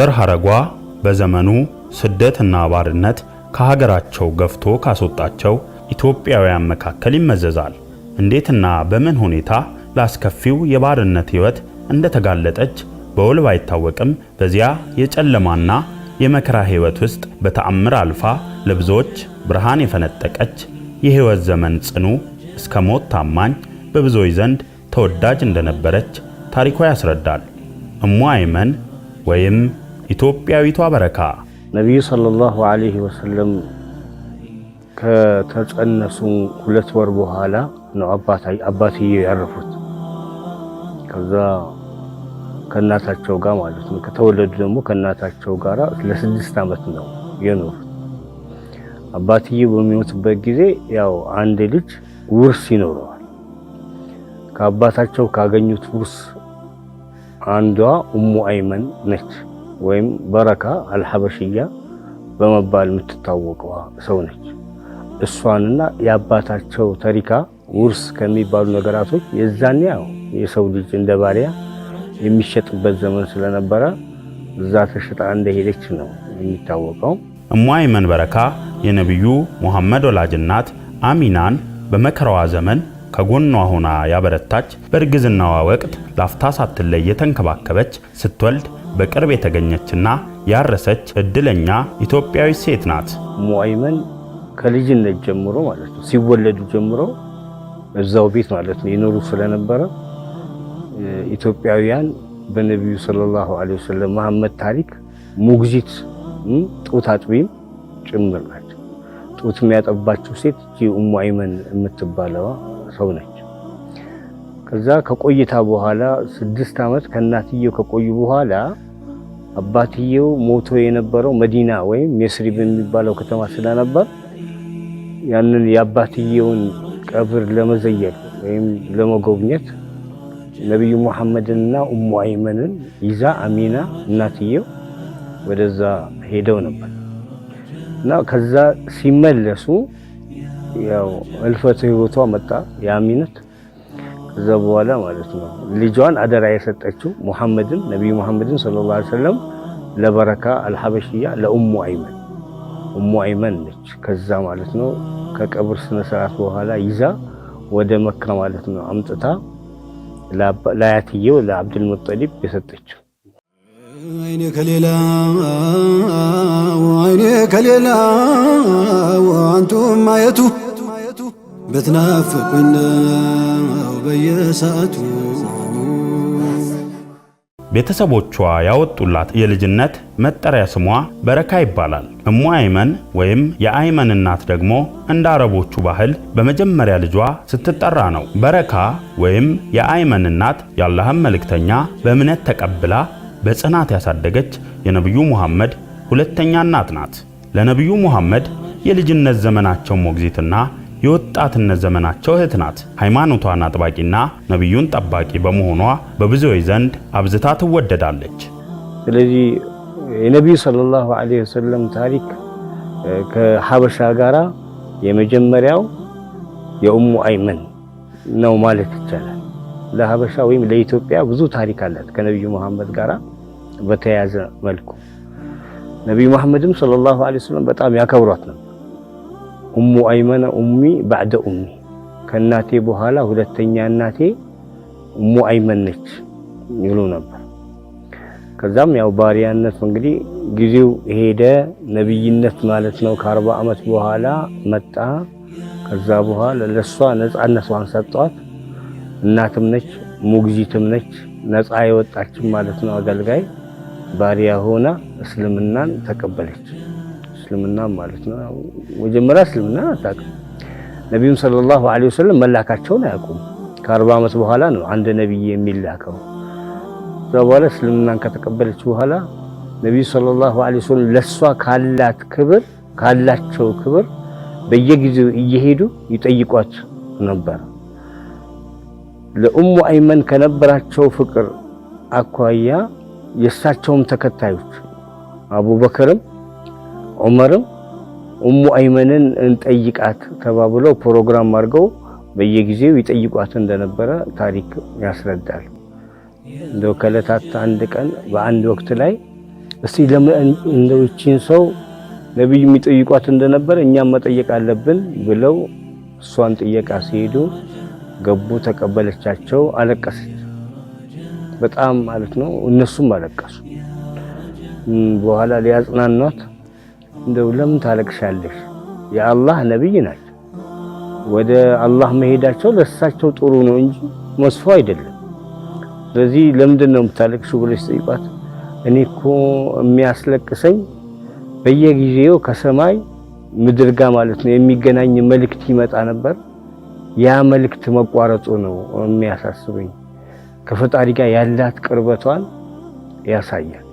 የዘር ሐረጓ በዘመኑ ስደትና ባርነት ከሀገራቸው ገፍቶ ካስወጣቸው ኢትዮጵያውያን መካከል ይመዘዛል። እንዴትና በምን ሁኔታ ላስከፊው የባርነት ሕይወት እንደተጋለጠች በውል ባይታወቅም በዚያ የጨለማና የመከራ ሕይወት ውስጥ በተአምር አልፋ ለብዙዎች ብርሃን የፈነጠቀች የሕይወት ዘመን ጽኑ እስከ ሞት ታማኝ፣ በብዙዎች ዘንድ ተወዳጅ እንደነበረች ታሪኳ ያስረዳል። እሙ አይመን ወይም ኢትዮጵያዊቷ በረካ ነቢዩ ሰለላሁ ዐለይሂ ወሰለም ከተጸነሱ ሁለት ወር በኋላ ነው አባትዬ ያረፉት። ከዛ ከእናታቸው ጋር ማለት ነው። ከተወለዱ ደግሞ ከእናታቸው ጋር ለስድስት ዓመት ነው የኖሩት። አባትዬ በሚሞትበት ጊዜ ያው አንድ ልጅ ውርስ ይኖረዋል። ከአባታቸው ካገኙት ውርስ አንዷ ኡሙ አይመን ነች። ወይም በረካ አልሐበሽያ በመባል የምትታወቀዋ ሰው ነች። እሷንና የአባታቸው ተሪካ ውርስ ከሚባሉ ነገራቶች የዛኔ ያው የሰው ልጅ እንደ ባሪያ የሚሸጥበት ዘመን ስለነበረ እዛ ተሸጣ እንደሄደች ነው የሚታወቀው። እሙ አይመን በረካ የነቢዩ ሙሐመድ ወላጅናት አሚናን በመከራዋ ዘመን ከጎኗ ሆና ያበረታች፣ በእርግዝናዋ ወቅት ላፍታ ሳትለይ የተንከባከበች ስትወልድ በቅርብ የተገኘችና ያረሰች እድለኛ ኢትዮጵያዊ ሴት ናት። ሙአይመን ከልጅነት ጀምሮ ማለት ነው ሲወለዱ ጀምሮ እዛው ቤት ማለት ነው ይኖሩ ስለነበረ ኢትዮጵያውያን በነቢዩ ሰለላሁ ዐለይሂ ወሰለም መሐመድ ታሪክ ሙግዚት ጡት አጥቢም ጭምር ናቸው። ጡት የሚያጠባቸው ሴት እ ኡሙ አይመን የምትባለዋ ሰው ነች። ከዛ ከቆይታ በኋላ ስድስት ዓመት ከእናትየው ከቆዩ በኋላ አባትየው ሞቶ የነበረው መዲና ወይም ሜስሪ በሚባለው ከተማ ስለነበር ያንን የአባትየውን ቀብር ለመዘየር ወይም ለመጎብኘት ነቢዩ ሙሐመድንና ኡሙ አይመንን ይዛ አሚና እናትየው ወደዛ ሄደው ነበር እና ከዛ ሲመለሱ ያው እልፈተ ህይወቷ መጣ የአሚነት እዛ በኋላ ማለት ነው ልጇን አደራ የሰጠችው ሙሐመድን ነቢዩ ሙሐመድን ሰለላሁ ዐለይሂ ወሰለም ለበረካ አልሐበሽያ ለኡሙ አይመን ኡሙ አይመን ነች። ከዛ ማለት ነው ከቀብር ስነ ስርዓት በኋላ ይዛ ወደ መካ ማለት ነው አምጥታ ለአያትየው ለአብዱል ሙጠሊብ የሰጠችው። አይኔ ከሌላ አይኔ ከሌላ አንቱ ማየቱ በትናፈቁኝ ነው በየሰዓቱ ቤተሰቦቿ ያወጡላት የልጅነት መጠሪያ ስሟ በረካ ይባላል። እሙ አይመን ወይም የአይመን እናት ደግሞ እንደ አረቦቹ ባህል በመጀመሪያ ልጇ ስትጠራ ነው። በረካ ወይም የአይመን እናት የአላህን መልእክተኛ በእምነት ተቀብላ በጽናት ያሳደገች የነቢዩ ሙሐመድ ሁለተኛ እናት ናት። ለነቢዩ ሙሐመድ የልጅነት ዘመናቸው ሞግዚትና የወጣትነት ዘመናቸው እህት ናት። ሃይማኖቷን አጥባቂና ነቢዩን ጠባቂ በመሆኗ በብዙዎች ዘንድ አብዝታ ትወደዳለች። ስለዚህ የነቢዩ ሰለላሁ ዐለይሂ ወሰለም ታሪክ ከሀበሻ ጋራ የመጀመሪያው የኡሙ አይመን ነው ማለት ይቻላል። ለሀበሻ ወይም ለኢትዮጵያ ብዙ ታሪክ አላት ከነቢዩ መሐመድ ጋራ በተያያዘ መልኩ ነቢዩ መሐመድም ሰለላሁ ዐለይሂ ወሰለም በጣም ያከብሯት ነው። ኡሙ አይመና ኡሚ ባዕደ ኡሚ ከእናቴ በኋላ ሁለተኛ እናቴ ኡሙ አይመን ነች ይሉ ነበር። ከዛም ያው ባሪያነት እንግዲህ ጊዜው ሄደ። ነብይነት ማለት ነው ከአርባ ዓመት በኋላ መጣ። ከዛ በኋላ ለሷ ነፃነቷን ሰጧት። እናትም ነች ሙግዚትም ነች ነፃ የወጣችን ማለት ነው። አገልጋይ ባሪያ ሆና እስልምናን ተቀበለች። እስልምና ማለት ነው። መጀመሪያ እስልምና አታውቅም። ነቢዩም ሰለላሁ ዐለይሂ ወሰለም መላካቸውን አያውቁም። ከአርባ ዓመት በኋላ ነው አንድ ነቢይ የሚላከው። እዛ በኋላ እስልምናን ከተቀበለች በኋላ ነቢዩ ሰለላሁ ዐለይሂ ወሰለም ለእሷ ካላት ክብር ካላቸው ክብር በየጊዜው እየሄዱ ይጠይቋት ነበር። ለኡሙ አይመን ከነበራቸው ፍቅር አኳያ የእሳቸውም ተከታዮች አቡበክርም ዑመርም ኡሙ አይመንን እንጠይቃት ተባብለው ፕሮግራም አድርገው በየጊዜው ይጠይቋት እንደነበረ ታሪክ ያስረዳል። እንደው ከለታት አንድ ቀን በአንድ ወቅት ላይ እስቲ እንደው ይቺን ሰው ነቢዩ የሚጠይቋት እንደነበረ እኛም መጠየቅ አለብን ብለው እሷን ጥየቃ ሲሄዱ ገቡ። ተቀበለቻቸው፣ አለቀሰች በጣም ማለት ነው። እነሱም አለቀሱ። በኋላ ሊያጽናኗት እንደው ለምን ታለቅሻለሽ? የአላህ ነብይ ናቸው። ወደ አላህ መሄዳቸው ለእሳቸው ጥሩ ነው እንጂ መስፎ አይደለም። ስለዚህ ለምንድን ነው የምታለቅሽው ብለሽ ጠይቋት። እኔ እኮ የሚያስለቅሰኝ በየጊዜው ከሰማይ ምድር ጋር ማለት ነው የሚገናኝ መልእክት ይመጣ ነበር። ያ መልእክት መቋረጡ ነው የሚያሳስበኝ። ከፈጣሪ ጋር ያላት ቅርበቷን ያሳያል።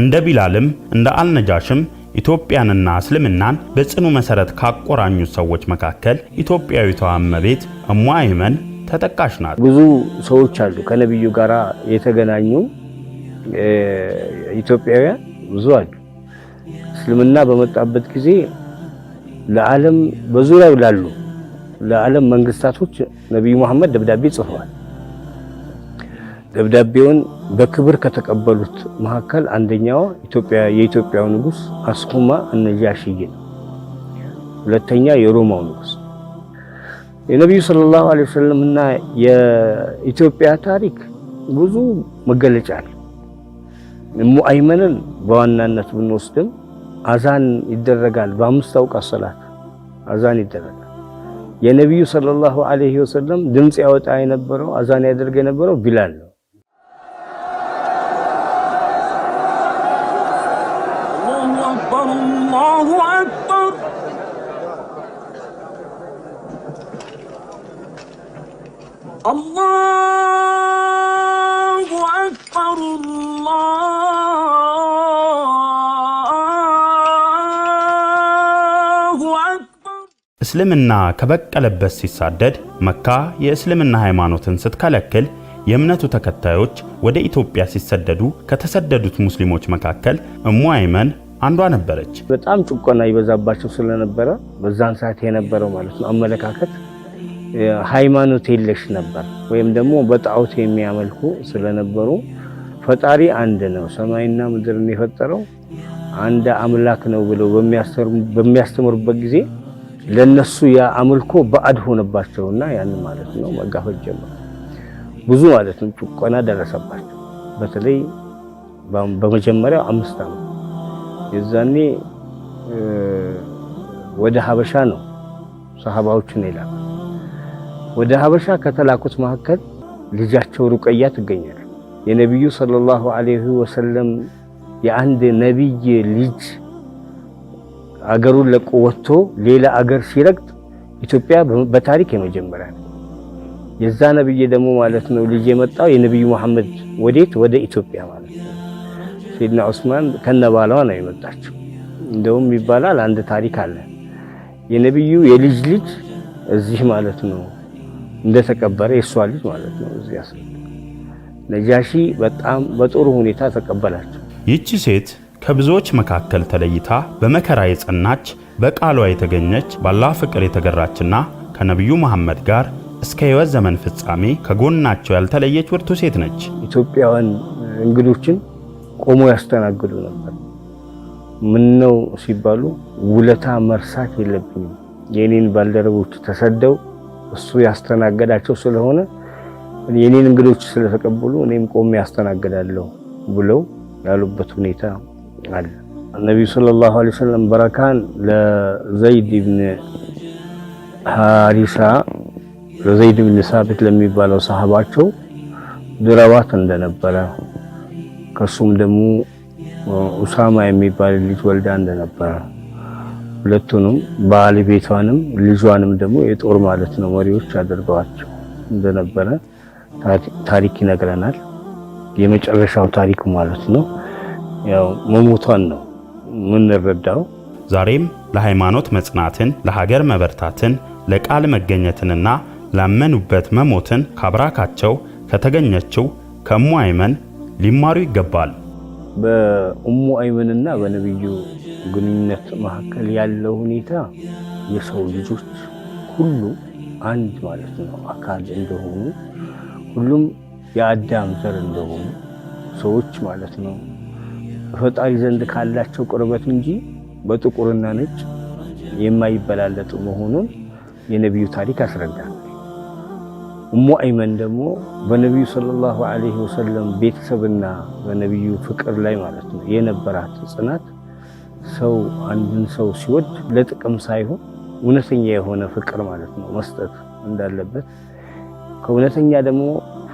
እንደ ቢላልም እንደ አልነጃሽም ኢትዮጵያንና እስልምናን በጽኑ መሰረት ካቆራኙት ሰዎች መካከል ኢትዮጵያዊቷ እመቤት እሙ አይመን ተጠቃሽ ናት። ብዙ ሰዎች አሉ ከነቢዩ ጋር የተገናኙ ኢትዮጵያውያን ብዙ አሉ። እስልምና በመጣበት ጊዜ ለዓለም በዙሪያው ላሉ ለዓለም መንግስታቶች ነቢዩ መሐመድ ደብዳቤ ጽፈዋል። ደብዳቤውን በክብር ከተቀበሉት መካከል አንደኛው የኢትዮጵያው ንጉስ አስኩማ እነጃሽይ ነው። ሁለተኛ የሮማው ንጉስ የነቢዩ ሰለላሁ ዐለይሂ ወሰለም እና የኢትዮጵያ ታሪክ ብዙ መገለጫ ነው። ሙአይመንን በዋናነት ብንወስድም አዛን ይደረጋል። በአምስት አውቃት ሰላት አዛን ይደረጋል። የነቢዩ ሰለላሁ ዐለይሂ ወሰለም ድምፅ ያወጣ የነበረው አዛን ያደርግ የነበረው ቢላል ነው። الله أكبر الله أكبر እስልምና ከበቀለበት ሲሳደድ መካ የእስልምና ሃይማኖትን ስትከለክል የእምነቱ ተከታዮች ወደ ኢትዮጵያ ሲሰደዱ ከተሰደዱት ሙስሊሞች መካከል እሙ አይመን አንዷ ነበረች። በጣም ጭቆና ይበዛባቸው ስለነበረ በዛን ሰዓት የነበረው ማለት ነው አመለካከት ሃይማኖት የለሽ ነበር፣ ወይም ደግሞ በጣዖት የሚያመልኩ ስለነበሩ ፈጣሪ አንድ ነው፣ ሰማይና ምድርን የፈጠረው አንድ አምላክ ነው ብለው በሚያስተምሩበት ጊዜ ለነሱ ያ አምልኮ ባዕድ ሆነባቸውና ያን ማለት ነው መጋፈጥ ጀመሩ። ብዙ ማለት ነው ጭቆና ደረሰባቸው። በተለይ በመጀመሪያው አምስት ዓመት የዛኔ ወደ ሀበሻ ነው ሰሃባዎችን የላከ ወደ ሀበሻ ከተላኩት መካከል ልጃቸው ሩቀያ ትገኛል። የነቢዩ ሰለላሁ ዐለይሂ ወሰለም የአንድ ነቢይ ልጅ አገሩን ለቆ ወጥቶ ሌላ አገር ሲረግጥ ኢትዮጵያ በታሪክ የመጀመሪያ የዛ ነብይ ደግሞ ማለት ነው ልጅ የመጣው የነብዩ መሐመድ ወዴት ወደ ኢትዮጵያ ማለት ነው። ሰይድና ዑስማን ከነባሏ ነው የመጣችው። እንደውም ይባላል አንድ ታሪክ አለ የነብዩ የልጅ ልጅ እዚህ ማለት ነው እንደተቀበረ የእሷ ልጅ ማለት ነው። እዚያ ነጃሺ በጣም በጥሩ ሁኔታ ተቀበላቸው። ይቺ ሴት ከብዙዎች መካከል ተለይታ በመከራ የጸናች በቃሏ የተገኘች ባላ ፍቅር የተገራችና ከነቢዩ መሐመድ ጋር እስከ ሕይወት ዘመን ፍጻሜ ከጎናቸው ያልተለየች ብርቱ ሴት ነች። ኢትዮጵያውያን እንግዶችን ቆሞ ያስተናግዱ ነበር። ምን ነው ሲባሉ ውለታ መርሳት የለብኝም የኔን ባልደረቦች ተሰደው እሱ ያስተናገዳቸው ስለሆነ የኔን እንግዶች ስለተቀበሉ እኔም ቆሜ ያስተናግዳለሁ ብለው ያሉበት ሁኔታ አለ። ነቢዩ ሰለላሁ ዐለይሂ ወሰለም በረካን ለዘይድ ብን ሀሪሳ ለዘይድ ብን ሳቢት ለሚባለው ሰሃባቸው ድረባት እንደነበረ ከሱም ደግሞ ኡሳማ የሚባል ልጅ ወልዳ እንደነበረ ሁለቱንም ባለቤቷንም ልጇንም ደግሞ የጦር ማለት ነው መሪዎች አድርገዋቸው እንደነበረ ታሪክ ይነግረናል። የመጨረሻው ታሪክ ማለት ነው ያው መሞቷን ነው የምንረዳው። ዛሬም ለሃይማኖት መጽናትን፣ ለሀገር መበርታትን፣ ለቃል መገኘትንና ላመኑበት መሞትን ከአብራካቸው ከተገኘችው ከሙአይመን ሊማሩ ይገባል። በኡሙ አይመንና በነቢዩ ግንኙነት መካከል ያለው ሁኔታ የሰው ልጆች ሁሉ አንድ ማለት ነው አካል እንደሆኑ ሁሉም የአዳም ዘር እንደሆኑ ሰዎች ማለት ነው ፈጣሪ ዘንድ ካላቸው ቅርበት እንጂ በጥቁርና ነጭ የማይበላለጡ መሆኑን የነቢዩ ታሪክ ያስረዳል። እሙ አይመን ደግሞ በነቢዩ ሰለላሁ ዐለይሂ ወሰለም ቤተሰብና በነቢዩ ፍቅር ላይ ማለት ነው የነበራት ጽናት ሰው አንድን ሰው ሲወድ ለጥቅም ሳይሆን እውነተኛ የሆነ ፍቅር ማለት ነው መስጠት እንዳለበት ከእውነተኛ ደግሞ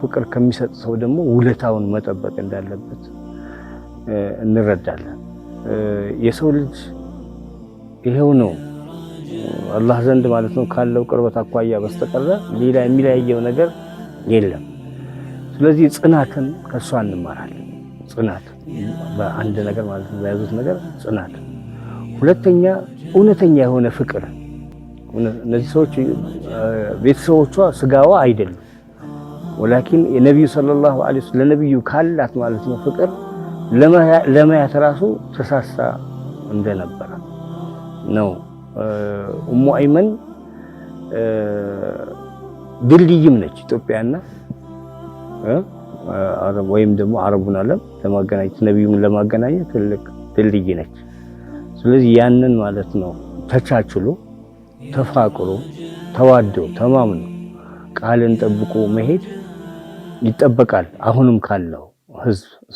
ፍቅር ከሚሰጥ ሰው ደግሞ ውለታውን መጠበቅ እንዳለበት እንረዳለን። የሰው ልጅ ይሄው ነው። አላህ ዘንድ ማለት ነው ካለው ቅርበት አኳያ በስተቀረ ሌላ የሚለያየው ነገር የለም። ስለዚህ ጽናትን ከእሷ እንማራለን። ጽናት በአንድ ነገር ማለት ነው በያዙት ነገር ጽናት። ሁለተኛ እውነተኛ የሆነ ፍቅር። እነዚህ ሰዎች ቤተሰቦቿ ስጋዋ አይደሉም። ወላኪን የነቢዩ ሰለላሁ ዐለይሂ ወሰለም ለነቢዩ ካላት ማለት ነው ፍቅር ለማያት ራሱ ተሳሳ እንደነበረ ነው። እሙ አይመን ድልድይም ነች ኢትዮጵያና ወይም ደግሞ አረቡን ዓለም ለማገናኘት ነቢዩን ለማገናኘት ትልቅ ድልድይ ነች። ስለዚህ ያንን ማለት ነው ተቻችሎ ተፋቅሮ ተዋዶ ተማምኖ ቃልን ጠብቆ መሄድ ይጠበቃል። አሁንም ካለው ህዝብ